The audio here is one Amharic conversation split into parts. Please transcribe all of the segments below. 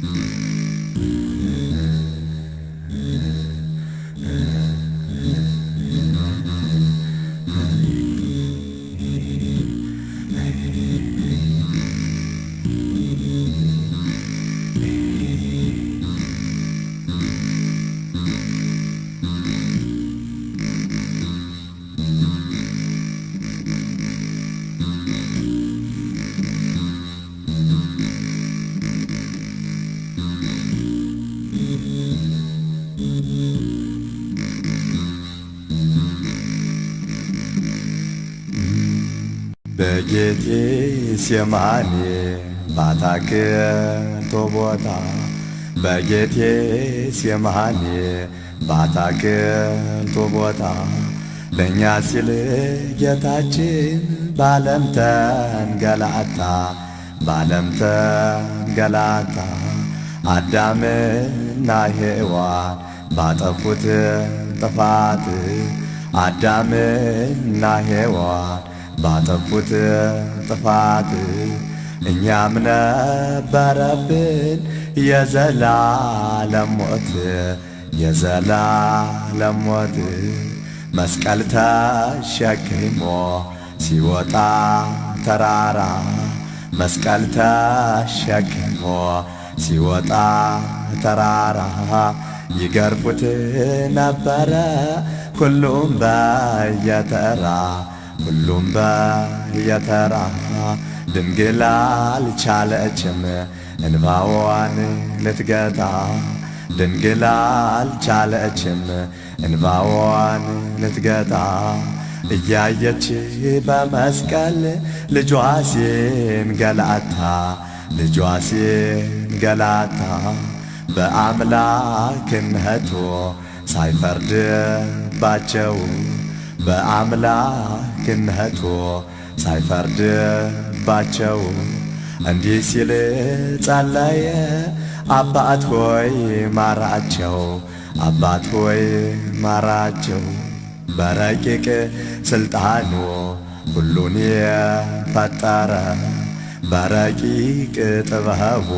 Mm-hmm. በጌጤ ሴማኔ ባታክልቶ ቦታ በጌጤ ሴማኔ ባታክልቶ ቦታ ለእኛ ሲል ጌታችን ባለም ተንገላታ ባለም ተንገላታ አዳምና ሔዋን ባጠፉት ጥፋት አዳምና ሔዋን ባጠፉት ጥፋት እኛም ነበረብን የዘላለም ሞት የዘላለም ሞት መስቀል ተሸክሞ ሲወጣ ተራራ መስቀል ተሸክሞ ሲወጣ ተራራ ይገርፉት ነበረ ሁሉም በየተራ ሁሉም በየተራ ድንግል አልቻለችም እንባዋን ልትገታ ድንግል አልቻለችም እንባዋን ልትገታ እያየች በመስቀል ልጇ ገላታ ልጇ ሲንገላታ በአምላክነቱ ሳይፈርድባቸው በአምላክነቱ ሳይፈርድባቸው እንዲህ ሲል ጸለየ፣ አባት ሆይ ማራቸው፣ አባት ሆይ ማራቸው። በረቂቅ ስልጣኑ ሁሉን የፈጠረ በረቂቅ ጥበቡ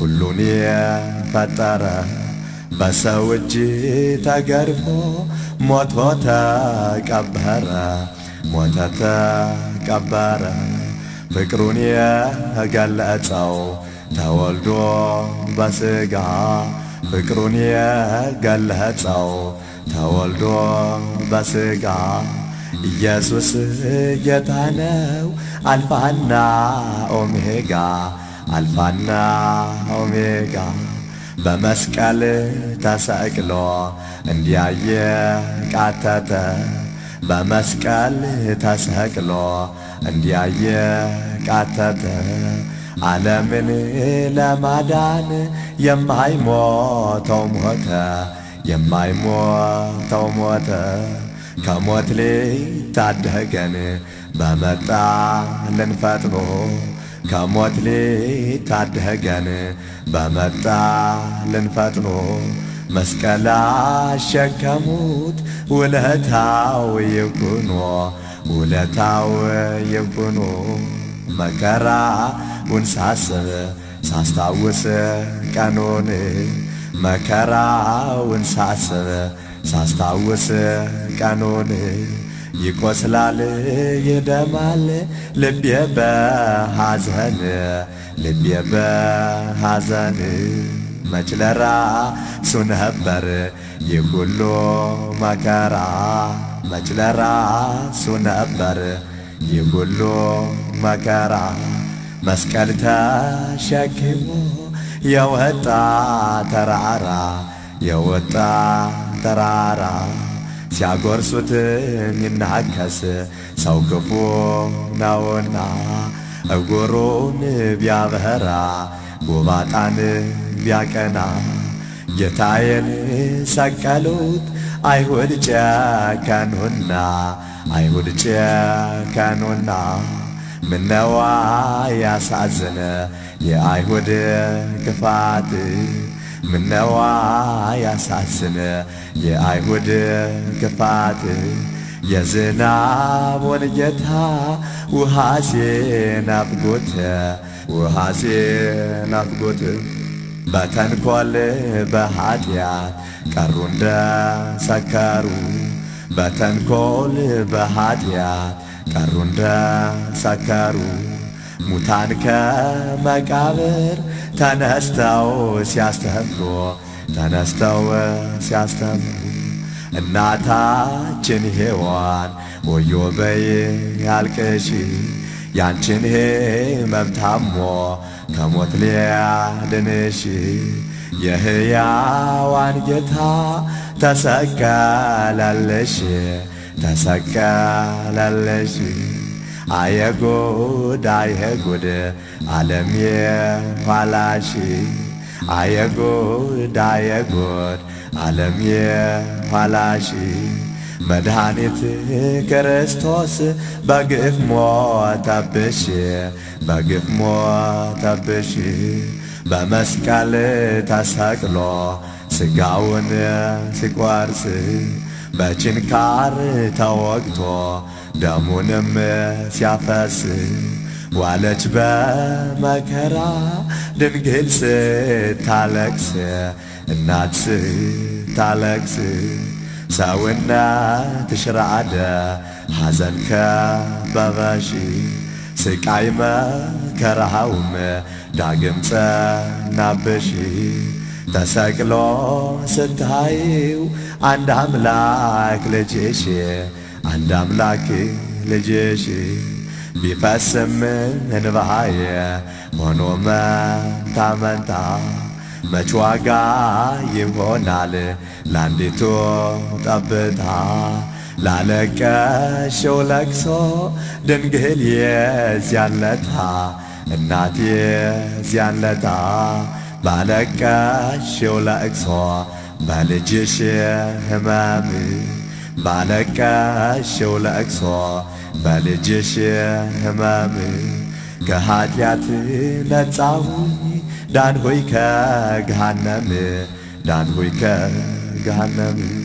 ሁሉን የፈጠረ በሰው እጅ ተገርፎ ሞቶ ተቀበረ ሞተ ተቀበረ ፍቅሩን የገለጸው ተወልዶ በሥጋ ፍቅሩን የገለጸው ተወልዶ በሥጋ ኢየሱስ ጌታ ነው አልፋና ኦሜጋ አልፋና ኦሜጋ በመስቀል ተሰቅሎ እንዲያየ ቃተተ በመስቀል ተሰቅሎ እንዲያየ ቃተተ ዓለምን ለማዳን የማይሞተው ሞተ የማይሞተው ሞተ ከሞት ሊታደገን በመጣ ፈጥኖ ከሞት ሊታደገን በመጣልን ፈጥኖ መስቀል አሸከሙት ውለታው ይኩኖ ውለታው ይኩኖ መከራውን ሳስብ ሳስታውስ ቀኑን መከራውን ሳስብ ሳስታውስ ቀኑን ይቆስላል ይደማል ልቤ በሐዘን ልቤ በሐዘን መች ለራሱ ነበር ይህ ሁሉ መከራ መች ለራሱ ነበር ይህ ሁሉ መከራ መስቀል ተሸክሞ የወጣ ተራራ የወጣ ተራራ ሲያጎርሱትም ይናከስ ሰው ክፉ ነውና እጎሮን ቢያበራ ጎባጣን ቢያቀና ጌታዬን ሰቀሉት አይሁድ ጨከኑና አይሁድ ጨከኑና ምነዋ ያሳዝነ የአይሁድ ክፋት ምነዋ ያሳዝነ የአይሁድ ክፋት የዝናብ ወንጌታ ውሃሴን አፍጎት ውሃሴን አፍጎት በተንኰል በኀጢአት ቀሩ እንደ ሰከሩ በተንኰል በኀጢአት ቀሩ እንደ ሰከሩ ሙታን ከመቃብር ተነስተው ሲያስተምሩ ተነስተው ሲያስተምሩ እናታችን ሔዋን ወዮ በይ ያልቅሽ ያንችን ሕመም ታሞ ከሞት ሊያድንሽ የሕያዋን ጌታ ተሰቀለልሽ ተሰቀለልሽ አየጎድ አየጎድ ዓለም የኋላሽ አየጎድ አየጎድ ዓለም የኋላሽ መድኃኒት ክርስቶስ በግፍ ሞተብሽ በግፍ ሞተብሽ በመስቀል ተሰቅሎ ስጋውን ሲቆርስ በችንካር ተወግቶ ደሙንም ሲያፈስ ዋለች በመከራ ድንግል ስታለቅስ እናት ስታለቅስ ሰውነትሽ ረአደ ሐዘን ከበበሽ ስቃይ መከራውም ዳግም ጸናብሽ ተሰቅሎ ስታይው አንድ አምላክ ልጅሽ አንድ አምላኬ ልጅሽ ቢፈስም እንባዬ ሆኖ መንታ መንታ መች ዋጋ ይሆናል ለአንዲቱ ጠብታ ላለቀሽው ለቅሶ ድንግል የዚያለታ እናት የዚያለታ ባለቀሽው ለቅሶ በልጅሽ ህመም ባለቀሽው ለቅሶ በልጅሽ ሕመም ከኀጢአት ነጻሁኝ ዳንሆይ ከገሃነም ከገሃነም